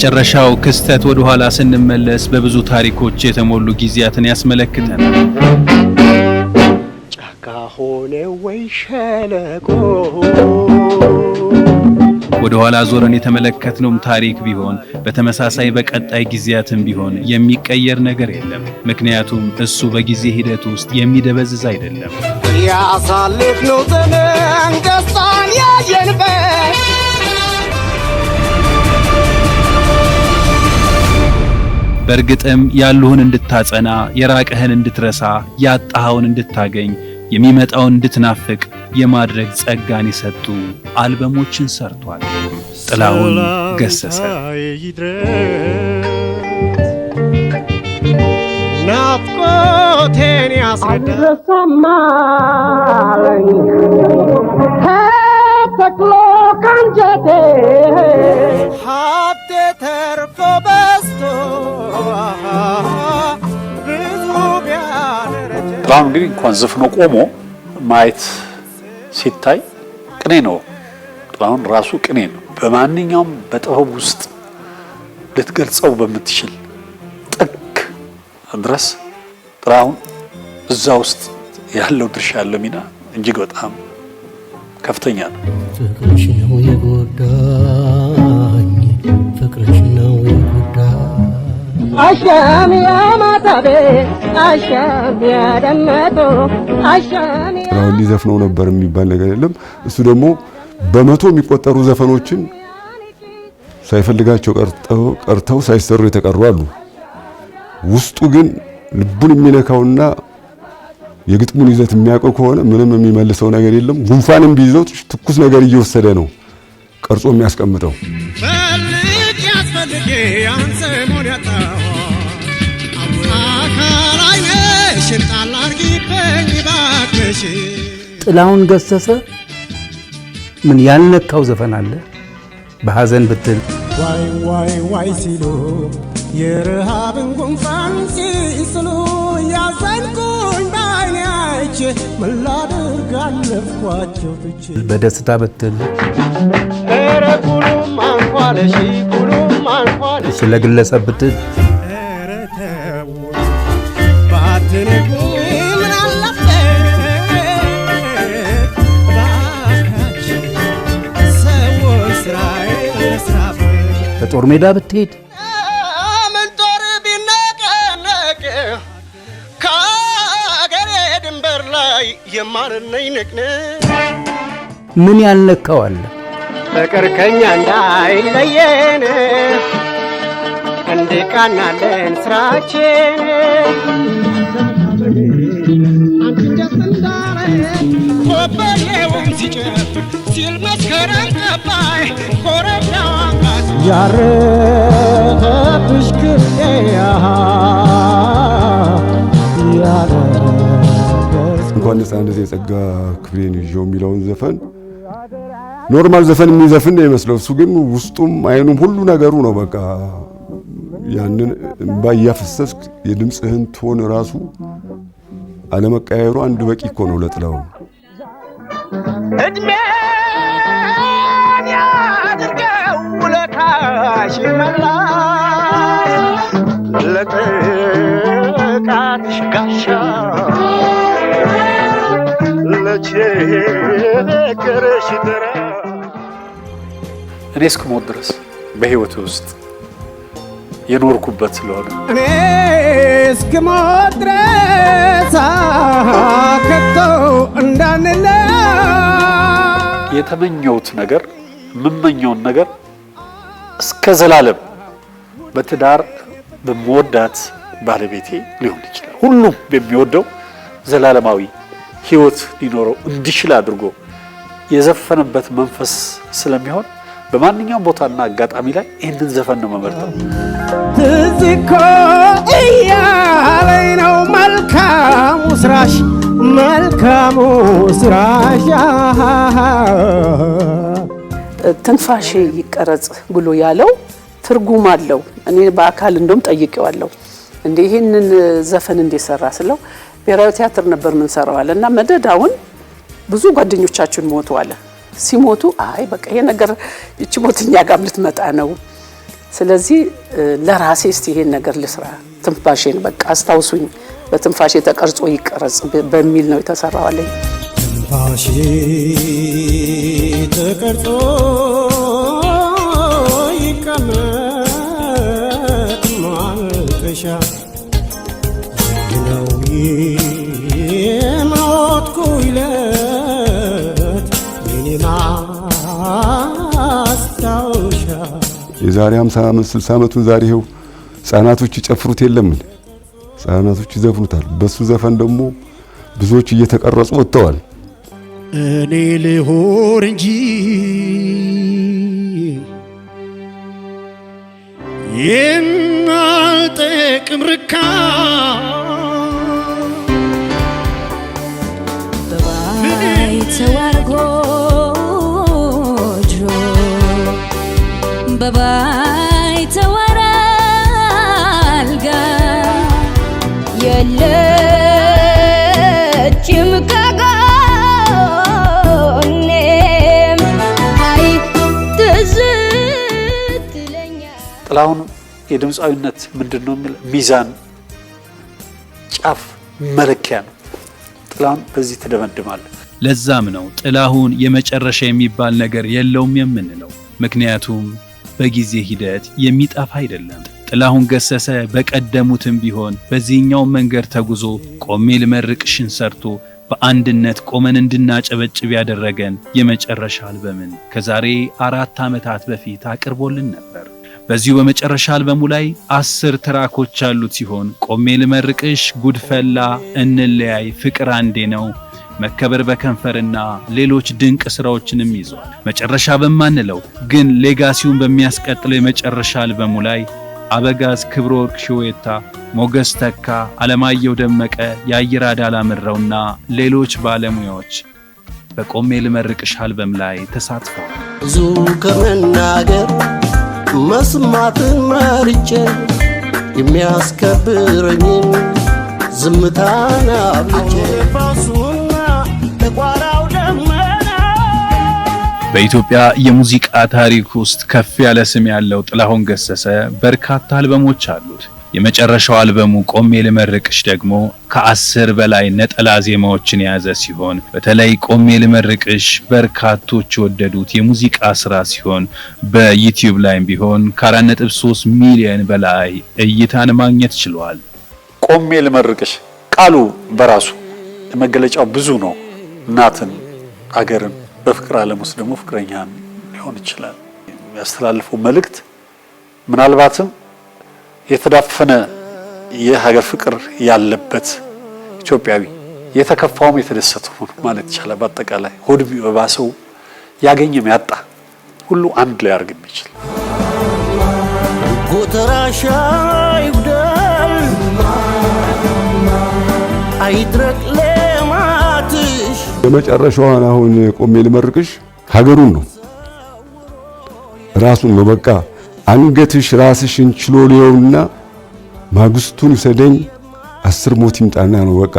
የመጨረሻው ክስተት ወደ ኋላ ስንመለስ በብዙ ታሪኮች የተሞሉ ጊዜያትን ያስመለክተናል። ጫካ ሆነ ወይ ሸለቆ ወደ ኋላ ዞረን የተመለከትነውም ታሪክ ቢሆን በተመሳሳይ በቀጣይ ጊዜያትም ቢሆን የሚቀየር ነገር የለም። ምክንያቱም እሱ በጊዜ ሂደት ውስጥ የሚደበዝዝ አይደለም። ያሳልፍ ነው ዘመን ገጻን ያየንበት በእርግጥም ያሉህን እንድታጸና፣ የራቀህን እንድትረሳ፣ ያጣኸውን እንድታገኝ፣ የሚመጣውን እንድትናፍቅ የማድረግ ጸጋን የሰጡ አልበሞችን ሰርቷል። ጥላሁን ገሰሰ። ናፍቆቴን ያስረዳማለኝ ካንጀቴ በአሁኑ እንግዲህ እንኳን ዘፍኖ ቆሞ ማየት ሲታይ ቅኔ ነው። ጥላሁን ራሱ ቅኔ ነው። በማንኛውም በጥበብ ውስጥ ልትገልጸው በምትችል ጥግ ድረስ ጥላሁን እዛ ውስጥ ያለው ድርሻ ያለው ሚና እጅግ በጣም ከፍተኛ ነው። ፍቅርሽ ነው የጎዳኝ፣ ፍቅርሽ ነው የጎዳኝ አሁን ሊዘፍነው ነበር የሚባል ነገር የለም። እሱ ደግሞ በመቶ የሚቆጠሩ ዘፈኖችን ሳይፈልጋቸው ቀርተው ሳይሰሩ የተቀሩ አሉ። ውስጡ ግን ልቡን የሚነካውና የግጥሙን ይዘት የሚያውቀው ከሆነ ምንም የሚመልሰው ነገር የለም። ጉንፋንም ቢይዘው ትኩስ ነገር እየወሰደ ነው ቀርጾ የሚያስቀምጠው ጥላውን ገሰሰ ምን ያልነካው ዘፈን አለ? በሐዘን ብትል ዋይ ዋይ ዋይ ሲሉ የረሃብን ጉንፋን ሲስሉ ያዘንኩኝ ባይኔ ምን ላድርግ አለፍኳቸው ትቼ በደስታ ብትል ኧረ ጉሉም አንኳለሽ ጉሉም አንኳለሽ ስለ ግለሰብ ብትል በጦር ሜዳ ብትሄድ ምን ጦር ቢነቀነቅ ከአገሬ ድንበር ላይ የማርነኝ ንቅንቅ ምን ያልነካዋለ ፍቅር ከኛ እንዳይለየን እንዲቃናለን ስራችን ወበየውም ሲጨፍር ሲል መስከረም ጠባይ ያረፈብሽ ቅኔያ እንኳን ደስ አንድ የጸጋ ክፍሌን ይዤው የሚለውን ዘፈን ኖርማል ዘፈን የሚዘፍን ነው ይመስለው። እሱ ግን ውስጡም አይኑም ሁሉ ነገሩ ነው። በቃ ያንን እንባ እያፈሰስክ የድምፅህን ትሆን ራሱ አለመቀያየሩ አንድ በቂ እኮ ነው ጋሽ ለጥቃትሽ ጋሻ እኔ እስክሞት ድረስ በህይወት ውስጥ የኖርኩበት ስለሆነ እኔ እስክሞት ድረስ ከተው እንዳንለ የተመኘሁት ነገር የምመኘውን ነገር እስከ ዘላለም በትዳር በምወዳት ባለቤቴ ሊሆን ይችላል። ሁሉም በሚወደው ዘላለማዊ ህይወት ሊኖረው እንዲችል አድርጎ የዘፈነበት መንፈስ ስለሚሆን በማንኛውም ቦታና አጋጣሚ ላይ ይህንን ዘፈን ነው መመርጠው። ትዝ እኮ እያለኝ ነው መልካሙ ስራሽ መልካሙ ስራሽ ትንፋሼ ይቀረጽ ብሎ ያለው ትርጉም አለው። እኔ በአካል እንደውም ጠይቄዋለሁ። እንደ ይህንን ዘፈን እንዲሰራ ስለው ብሔራዊ ቲያትር ነበር ምንሰራው እና መደዳውን ብዙ ጓደኞቻችን ሞቱ አለ። ሲሞቱ አይ በቃ ይሄ ነገር ይቺ ሞት እኛ ጋም ልትመጣ ነው። ስለዚህ ለራሴ እስቲ ይሄን ነገር ልስራ፣ ትንፋሽን በቃ አስታውሱኝ፣ በትንፋሽ ተቀርጾ ይቀረጽ በሚል ነው የተሰራዋለኝ። ትንፋሽ ተቀርጾ ይቀመጥ ማልቀሻ ነው የሞትኩ ይለት የኔ የዛሬ ሃምሳ ዓመት ስልሳ ዓመቱን ዛሬ ይኸው ህፃናቶች ይጨፍሩት የለምን ህፃናቶች ይዘፍኑታል። በሱ ዘፈን ደግሞ ብዙዎች እየተቀረጹ ወጥተዋል። እኔ ልሆር እንጂ የማልጠቅም ርካ ተዋይ ተዋር ጥላሁን የድምፃዊነት ምንድን ነው የሚል ሚዛን ጫፍ መለኪያ ነው። ጥላሁን በዚህ ትደመድማለ። ለዛም ነው ጥላሁን የመጨረሻ የሚባል ነገር የለውም የምንለው። ምክንያቱም በጊዜ ሂደት የሚጠፋ አይደለም። ጥላሁን ገሰሰ በቀደሙትም ቢሆን በዚህኛው መንገድ ተጉዞ ቆሜ ልመርቅሽን ሰርቶ በአንድነት ቆመን እንድናጨበጭብ ያደረገን የመጨረሻ አልበምን ከዛሬ አራት ዓመታት በፊት አቅርቦልን ነበር። በዚሁ በመጨረሻ አልበሙ ላይ አስር ትራኮች ያሉት ሲሆን ቆሜ ልመርቅሽ፣ ጉድፈላ፣ እንለያይ፣ ፍቅር አንዴ ነው፣ መከበር በከንፈርና ሌሎች ድንቅ ስራዎችንም ይዟል። መጨረሻ በማንለው ግን ሌጋሲውን በሚያስቀጥለው የመጨረሻ አልበሙ ላይ አበጋዝ ክብረ ወርቅ ሽዌታ፣ ሞገስ ተካ፣ አለማየሁ ደመቀ፣ የአየር አዳላ ምረውና ሌሎች ባለሙያዎች በቆሜ ልመርቅሽ አልበም ላይ ተሳትፈዋል። ብዙ ከመናገር መስማትን መርጬ የሚያስከብረኝን ዝምታን አብልጬ በኢትዮጵያ የሙዚቃ ታሪክ ውስጥ ከፍ ያለ ስም ያለው ጥላሁን ገሰሰ በርካታ አልበሞች አሉት። የመጨረሻው አልበሙ ቆሜ ልመርቅሽ ደግሞ ከአስር በላይ ነጠላ ዜማዎችን የያዘ ሲሆን በተለይ ቆሜ ልመርቅሽ በርካቶች የወደዱት የሙዚቃ ስራ ሲሆን በዩቲዩብ ላይም ቢሆን ከ4.3 ሚሊዮን በላይ እይታን ማግኘት ችሏል። ቆሜ ልመርቅሽ ቃሉ በራሱ መገለጫው ብዙ ነው። እናትን፣ አገርን በፍቅር ዓለም ውስጥ ደግሞ ፍቅረኛን ሊሆን ይችላል። ያስተላልፈው መልእክት ምናልባትም የተዳፈነ የሀገር ፍቅር ያለበት ኢትዮጵያዊ የተከፋውም የተደሰተው ማለት ይቻላል። በአጠቃላይ ሆድ ባሰው ያገኘም ያጣ ሁሉ አንድ ላይ አድርግ የሚችል ጎተራሻ ይጉዳል አይድረቅ ለማትሽ የመጨረሻዋን አሁን ቆሜ ልመርቅሽ ሀገሩን ነው ራሱን ነው በቃ አንገትሽ ራስሽን ችሎ ሊሆንና ማግስቱን ውሰደኝ አስር ሞት ይምጣና ነው በቃ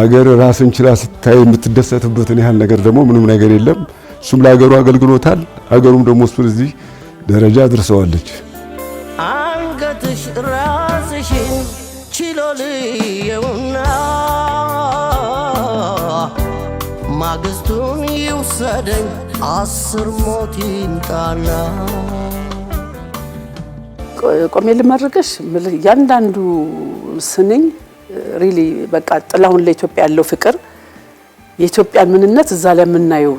አገር ራስን ችላ ስታይ የምትደሰትበትን ያህል ነገር ደግሞ ምንም ነገር የለም። እሱም ለአገሩ አገልግሎታል። አገሩም ደግሞ እሱን እዚህ ደረጃ አድርሰዋለች። አንገትሽ ራስሽን ችሎ ልየውና ማግስቱን ይውሰደኝ አስር ሞት ይምጣና ቆሜ ልመርቅሽ እያንዳንዱ ስንኝ ሪሊ በቃ ጥላሁን ለኢትዮጵያ ያለው ፍቅር የኢትዮጵያን ምንነት እዛ ላይ የምናየው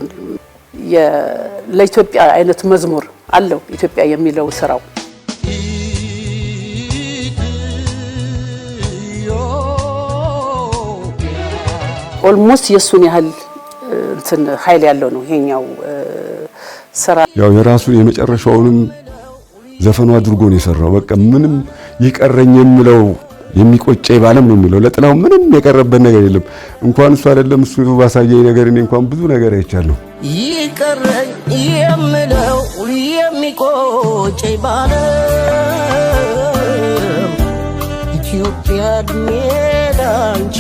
ለኢትዮጵያ አይነት መዝሙር አለው ኢትዮጵያ የሚለው ስራው። ኦልሞስት የእሱን ያህል እንትን ኃይል ያለው ነው ይሄኛው ስራ ያው የራሱን የመጨረሻውንም ዘፈኑ አድርጎ ነው የሰራው። በቃ ምንም ይቀረኝ የምለው የሚቆጨኝ ባለም ነው የሚለው ለጥላው ምንም የቀረበት ነገር የለም። እንኳን እሱ አይደለም እሱ ባሳየኝ ነገር እኔ እንኳን ብዙ ነገር አይቻለሁ። ይቀረኝ የምለው የሚቆጨኝ ባለም ኢትዮጵያ ድሜዳንቺ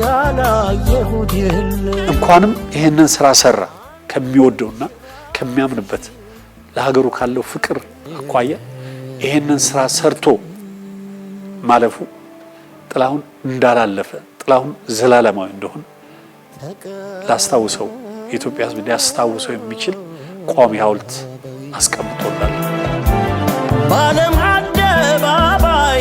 ያላየሁት የለም። እንኳንም ይህንን ስራ ሰራ ከሚወደውና ከሚያምንበት ለሀገሩ ካለው ፍቅር አኳያ ይህንን ስራ ሰርቶ ማለፉ ጥላሁን እንዳላለፈ ጥላሁን ዘላለማዊ እንደሆን ላስታውሰው የኢትዮጵያ ሕዝብ ሊያስታውሰው የሚችል ቋሚ ሐውልት አስቀምጦላል። በዓለም አደባባይ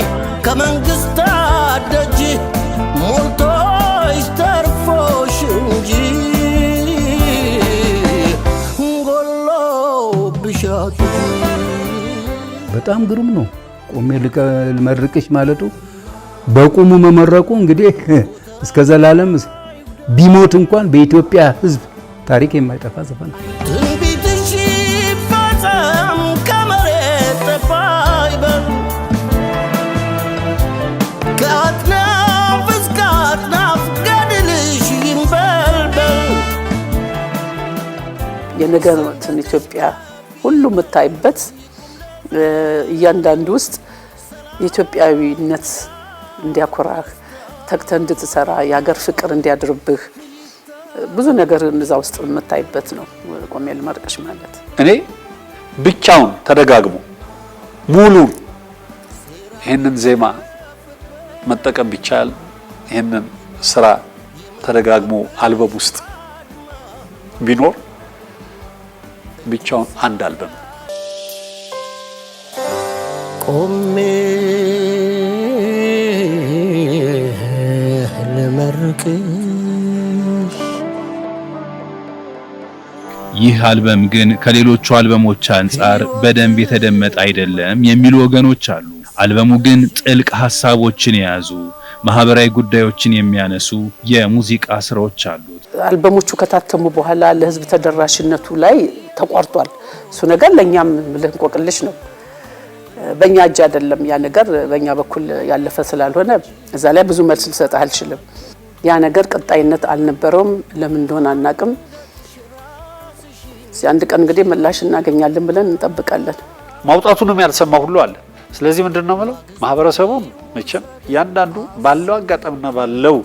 በጣም ግሩም ነው። ቆሜ ልመርቅሽ ማለቱ በቁሙ መመረቁ እንግዲህ እስከ ዘላለም ቢሞት እንኳን በኢትዮጵያ ሕዝብ ታሪክ የማይጠፋ ዘፈን የነገሮትን ኢትዮጵያ ሁሉ የምታይበት እያንዳንዱ ውስጥ የኢትዮጵያዊነት እንዲያኮራህ ተግተ እንድትሰራ የሀገር ፍቅር እንዲያድርብህ ብዙ ነገር እዛ ውስጥ የምታይበት ነው። ቆሜል መርቅሽ ማለት እኔ ብቻውን ተደጋግሞ ሙሉን ይህንን ዜማ መጠቀም ቢቻል ይህንን ስራ ተደጋግሞ አልበም ውስጥ ቢኖር ብቻውን አንድ አልበም ቆሜ ልመርቅሽ። ይህ አልበም ግን ከሌሎቹ አልበሞች አንጻር በደንብ የተደመጠ አይደለም የሚሉ ወገኖች አሉ። አልበሙ ግን ጥልቅ ሀሳቦችን የያዙ ማህበራዊ ጉዳዮችን የሚያነሱ የሙዚቃ ስራዎች አሉት። አልበሞቹ ከታተሙ በኋላ ለህዝብ ተደራሽነቱ ላይ ተቋርጧል። እሱ ነገር ለእኛም ልንቆቅልሽ ነው። በእኛ እጅ አይደለም ያ ነገር በእኛ በኩል ያለፈ ስላልሆነ እዛ ላይ ብዙ መልስ ልሰጥ አልችልም። ያ ነገር ቀጣይነት አልነበረውም። ለምን እንደሆነ አናቅም። አንድ ቀን እንግዲህ ምላሽ እናገኛለን ብለን እንጠብቃለን። ማውጣቱንም ያልሰማ ሁሉ አለ። ስለዚህ ምንድን ነው ምለው ማህበረሰቡ መቼም እያንዳንዱ ባለው አጋጣሚና ባለው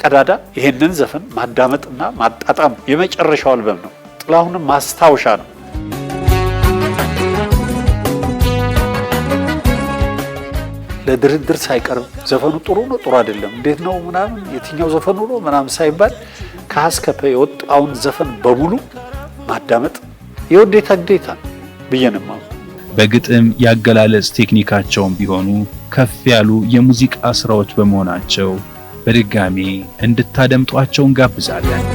ቀዳዳ ይሄንን ዘፈን ማዳመጥና ማጣጣም የመጨረሻው አልበም ነው። ጥላሁንም ማስታወሻ ነው። ለድርድር ሳይቀርብ ዘፈኑ ጥሩ ነው ጥሩ አይደለም እንዴት ነው ምናምን የትኛው ዘፈኑ ነው ምናምን ሳይባል ከሀስከፈ የወጣውን ዘፈን በሙሉ ማዳመጥ የውዴታ ግዴታ ብዬንማ በግጥም ያገላለጽ ቴክኒካቸውም ቢሆኑ ከፍ ያሉ የሙዚቃ ስራዎች በመሆናቸው በድጋሜ እንድታደምጧቸው እንጋብዛለን።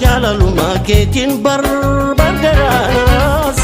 ጃለሉ ማኬቲን በርበርገራ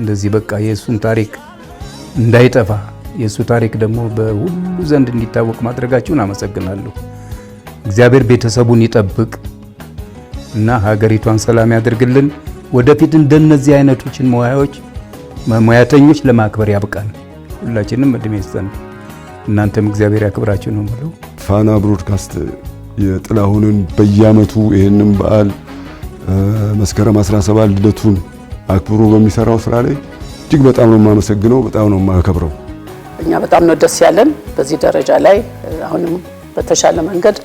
እንደዚህ በቃ የእሱን ታሪክ እንዳይጠፋ የእሱ ታሪክ ደግሞ በሁሉ ዘንድ እንዲታወቅ ማድረጋችሁን አመሰግናለሁ። እግዚአብሔር ቤተሰቡን ይጠብቅ እና ሀገሪቷን ሰላም ያደርግልን። ወደፊት እንደነዚህ አይነቶችን ሙያዎች ሙያተኞች ለማክበር ያብቃል። ሁላችንም እድሜ ይስጠን። እናንተም እግዚአብሔር ያክብራችሁ ነው ብለው ፋና ብሮድካስት የጥላሁንን በየዓመቱ ይህንም በዓል መስከረም 17 ልደቱን አክብሮ በሚሰራው ስራ ላይ እጅግ በጣም ነው የማመሰግነው፣ በጣም ነው የማከብረው። እኛ በጣም ነው ደስ ያለን በዚህ ደረጃ ላይ አሁንም በተሻለ መንገድ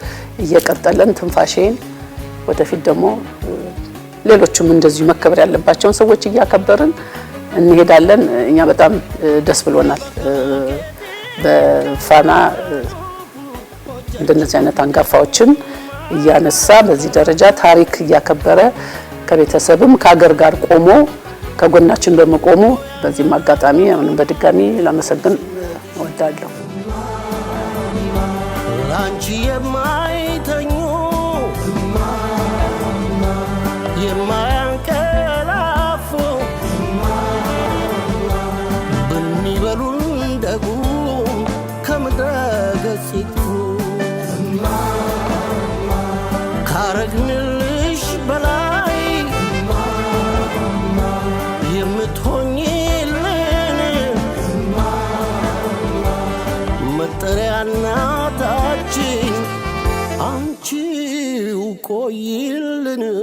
እየቀጠለን ትንፋሽን ወደፊት ደግሞ ሌሎችም እንደዚሁ መከበር ያለባቸውን ሰዎች እያከበርን እንሄዳለን። እኛ በጣም ደስ ብሎናል። በፋና እንደነዚህ አይነት አንጋፋዎችን እያነሳ በዚህ ደረጃ ታሪክ እያከበረ ከቤተሰብም ከሀገር ጋር ቆሞ ከጎናችን በመቆሙ በዚህም አጋጣሚ አሁንም በድጋሚ ላመሰግን እወዳለሁ። አንቺ የማይተኙ கோயில்னு